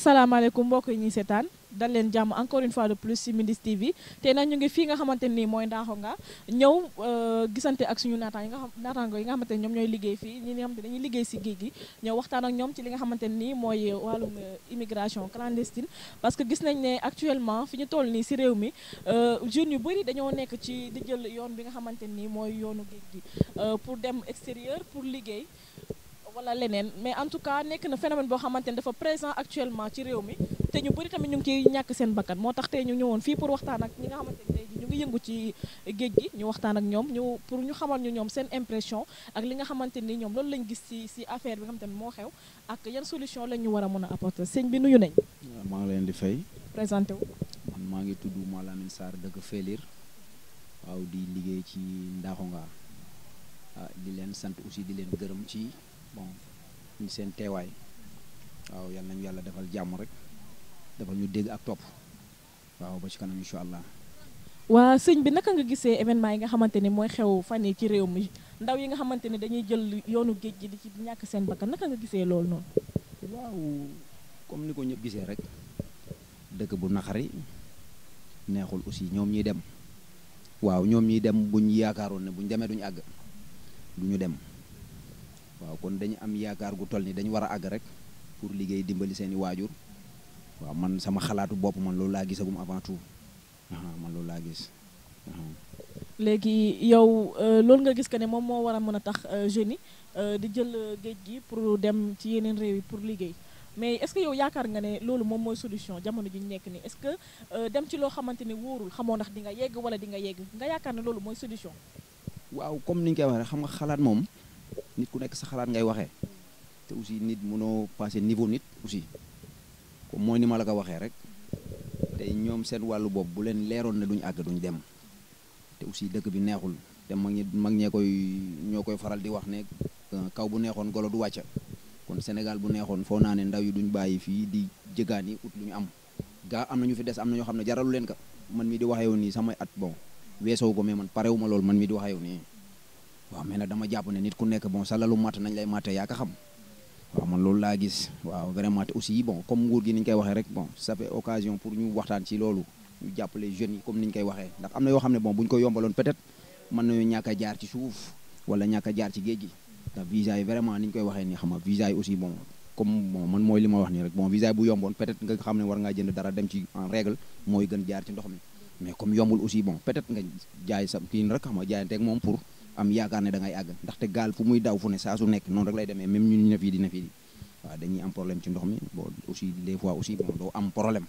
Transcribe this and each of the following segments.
asalaamaaleykum mbokk yi ñu seetaan dal leen jàmm encore une fois de plus si Mindiss TV tey nag ñu ngi fii nga xamante ni mooy Ndaxo nga ñëw euh, gisante ak suñu naataan yi nga xam naataango yi nga xamante ni ñoom ñooy liggéey fii ñi nga xamante liggéey si géej gi ñëw waxtaan ak ñoom ci li nga xamante nii mooy wàllum euh, immigration clandestine parce que gis nañ ne actuellement fi ñu toll nii si réew mi euh, jeunes yu bëri dañoo nekk ci di jël yoon bi nga xamante nii mooy yoonu géej gi pour dem extérieur pour liggéey wala leneen mais en tout cas nekk na phénomène boo xamante ne dafa présent actuellement ci réew mi te ñu bëri tamit ñu ngi ciy ñàkk seen bakkan moo tax te ñu ñëwoon fii pour waxtaan ak ñi nga xamante ne tey ñu ngi yëngu ci géej gi ñu waxtaan ak ñoom ñu pour ñu xamal ñu ñoom seen impression ak li nga xamante ni ñoom loolu lañ gis ci ci affaire bi nga xamante ne moo xew ak yan solution lañ ñu war a mën a apporter sëñ bi nuyu nañ maa ngi leen di fay présenté wu maa ngi tudd Malamine Sarr dëkk Félir waaw di liggéey ci Ndaxonga ah, di leen sant aussi di leen gërëm ci bon ñu seen teewaay waaw yal nañu yàlla defal jàmm rek defal ñu dégg ak topp waaw ba kanam incha allah. waa sëñ bi naka nga gisee événement yi nga xamante ni mooy xew fan yi ci réew mi ndaw yi nga xamante ni dañuy jël yoonu géej gi di ci ñàkk seen bakkan naka nga gisee loolu noonu. waaw comme ni ko ñëpp gisee rek dëkk bu naqari neexul aussi ñoom ñuy dem waaw ñoom ñuy dem buñ yaakaaroon ne buñ demee duñu àgg duñu dem. waaw kon dañu am yaakaar gu toll ni dañu war a àgg rek pour liggéey dimbali seeni waajur waaw man sama xalaatu bopp man loolu laa gisagum avant tout man laa gis. léegi yow euh, loolu nga gis que ne moom moo war a mën a tax euh, jeunes yi euh, di jël géej gi pour dem ci yeneen réew yi pour liggéey mais est-ce yaakaar nga ne loolu moom mooy solution jamono ji ñu nekk nii est-ce que dem ci loo xamante ni wóorul xamoo ndax di nga yegg wala di nga yegg nga yaakaar na loolu mooy solution. waaw comme ni ñu koy waxee xam nga xalaat moom. nit ku nekk sa xalaat ngay waxee te aussi nit mënoo passé niveau nit aussi comme mooy ni ma la ko waxee rek te ñoom seen wàllu bopp bu leen leeroon ne duñ àgg duñ dem te aussi dëkk bi neexul te mag ñi mag ñee koy ñoo koy faral di wax ne euh, kaw bu neexoon golo du wàcca kon Sénégal bu neexoon foo naa ne ndaw yi duñ bàyyi fii di jëgaani ut lu ñu am gaa am na ñu fi des am na ñoo xam ne jaralu leen ka man mi di waxee woon nii samay at bon weesoo ko mais man parewu ma loolu mi di waxee woon waaw mais nag dama jàpp ne nit ku nekk bon sa lalu matt nañ lay matte yaa xam waaw man loolu laa gis waaw vraiment te aussi bon comme nguur gi ni ñu koy waxee rek bon ça fait occasion pour ñu waxtaan ci loolu ñu jàppale jeunes yi comme ni ñu koy waxee ndax am na yoo xam ne bon bu ñu ko yombaloon peut-être mën nañoo ñàkk a jaar ci suuf wala ñàkk jaar ci géej gi ndax visa yi vraiment ni ñu koy waxee nii xam nga visa yi aussi bon comme bon man mooy li wax nii rek bon visa yi bu yomboon peut-être ne war ngaa jënd dara dem ci en règle mooy gën jaar ci ndox mi mais peut-être nga jaay sa kii rek xam moom pour am yaakaar ne da àgg ndaxte gaal fu muy daw fu ne saa su nekk noonu rek lay demee même ñu ne fii dina fii waaw dañuy am problème mi bon aussi des fois aussi bon doo am problème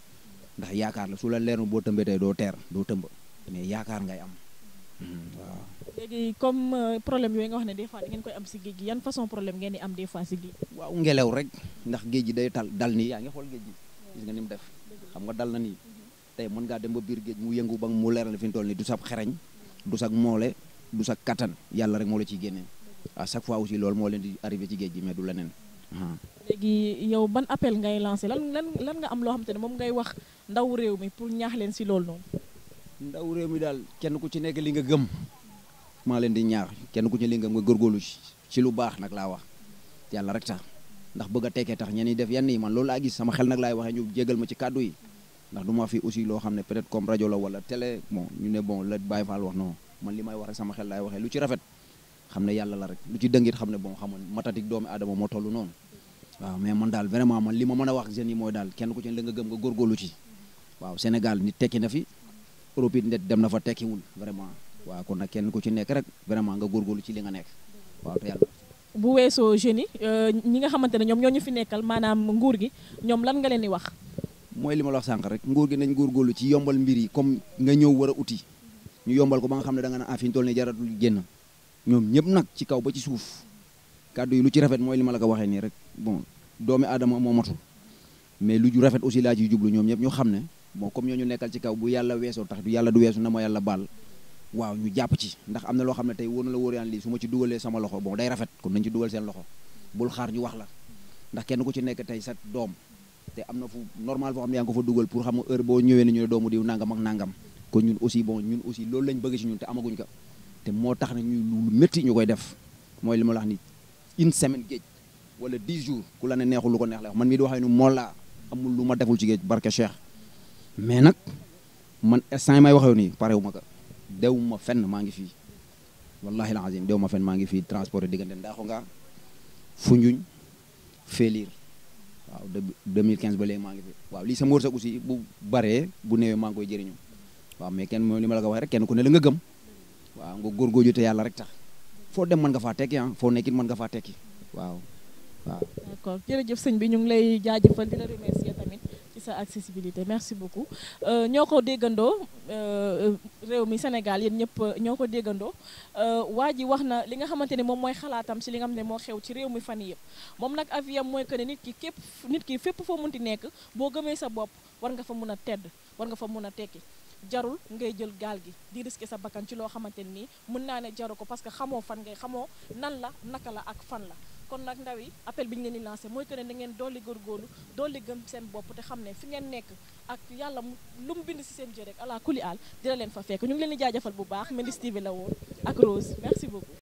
ndax yaakaar la su la leer boo tëmbee tey doo teer doo tëmb mais yaakaar ngay am hmm. waaw. léegi comme euh, yooyu nga wax ne des fois da ngeen am si géej yan façon problème ngeen di am des fois si géej waaw ngelaw rek ndax géej gi day tal dal nii yaa ngi xool géej gi gis nga ni mu def xam nga dal na nii mhm. tey mën ngaa dem ba biir géej mu yëngu ba mu leer fi mu toll nii du sab xereñ du sag moole du sa kattan yàlla rek moo la ciy génne à chaque fois aussi lool moo leen di arrivé ci géej gi mais du leneen. léegi yow ban appel ngay lancé lan lan lan nga am loo xam ne moom ngay wax ndaw réew mi pour ñaax leen si lool noonu. ndaw réew mi daal kenn ku ci nekk li nga gëm maa leen di ñaax kenn ku ci li nga gëm nga ci lu baax nag laa wax yàlla rek tax ndax bëgg a tekkee tax ñenn ñi def yenn yi man loolu laa gis sama xel nag laay waxee ñu jégal ma ci kàddu yi ndax du ma fi aussi loo xam ne peut-être comme rajo la wala télé bon ñu ne bon la Baye Fall wax man li may wax rek sama xel laay waxee lu ci rafet xam ne yàlla la rek lu ci dëngit xam ne boo xamoon matatik doomi aadama moo tollu noonu waaw mais man daal vraiment man li ma mën a wax jeunes yi mooy daal kenn ku nga gëm nga góorgóorlu ci waaw Sénégal nit tekki na fi Europe it dem na fa tekkiwul vraiment waaw kon nag kenn ku ci nekk rek vraiment nga góorgóorlu ci li nga nekk waaw yàlla bu weesoo jeunes yi euh, ñi nga xamante ne ñoom ñoo ñu fi nekkal maanaam nguur gi ñoom lan nga leen di wax mooy li ma wax sànq rek nguur gi nañ góorgóorlu ci yombal mbir yi comme nga ñëw war a uti ñu yombal ko ba nga xam ne da nga naan ah fi ñu toll nii jaratul génn ñoom ñëpp nag ci kaw ba ci suuf kàddu yi lu ci rafet mooy li ma la ko waxee nii rek bon doomi aadama moo matul mais lu ju rafet aussi laa ciy jublu ñoom ñëpp ñu xam ne bon comme ñoo ñu nekkal ci kaw bu yàlla weesoo tax du yàlla du weesu na ma yàlla baal waaw ñu jàpp ci ndax am na loo xam ne tey wóor na la wóor yaan lii su ma ci dugalee sama loxo bon day rafet kon nañ ci dugal seen loxo bul xaar ñu wax la ndax kenn ku ci nekk tey sa doom te am na fu normal foo xam ne yaa ngi ko fa pour xam nga heure boo ñëwee ne ñu diw nangam ak nangam kon ñun aussi bon ñun aussi loolu lañ bëgg ci ñun te amaguñ ko te moo tax na ñuy lu métti ñu koy def mooy li ma la ni une semaine géej wala 10 jours ku la ne neexul ko neex la man mii di waxee nu moo laa amul lu ma deful ci géej barke Cheikh mais nag man instant yi may waxee nii parewu ma ko dew ma fenn maa ngi fii wallahi alazim dew ma fenn maa ngi fii transporté diggante Ndaxo nga Foundiougne Félir waaw de 2015 ba léegi maa ngi fi waaw lii sama wërsëg aussi bu baree bu néewee maa ngi koy jëriñu waaw mais kenn moom li ma la ko wax rek kenn ku ne nga gëm waaw nga góorgóorlu te yàlla rek tax foo dem man nga faa tekki ah foo nekkit mën nga faa tekki waaw waaw d'accord jërëjëf sëñ bi ñu ngi lay jaajëfal di la remercier tamit ci sa accessibilité merci beaucoup euh, ñoo ko déggandoo euh, euh, réew mi Sénégal yéen ñëpp ñoo ko déggandoo waa ji wax na li nga xamante ne moom mooy xalaatam si li nga xam ne moo xew ci réew mi fan yëpp moom nag aviyam mooy que ne nit ki képp nit ki fépp foo munti nekk boo gëmee sa bopp war nga fa mun a tedd war nga fa mun a tekki jarul ngay jël gaal gi di risquer sa bakkan ci loo xamante nii mën naa ne jaru ko parce que xamoo fan ngay xamoo nan la naka la ak fan la kon nag ndaw yi appel bi ñu leen di lancé mooy que ne da ngeen dolli góorgóorlu dolli gëm seen bopp te xam ne fi ngeen nekk ak yàlla lu mu bind si seen jë rek ala kuli aal dina leen fa fekk ñu ngi leen di jaajafal bu baax Mindiss TV la woon ak Rose merci beaucoup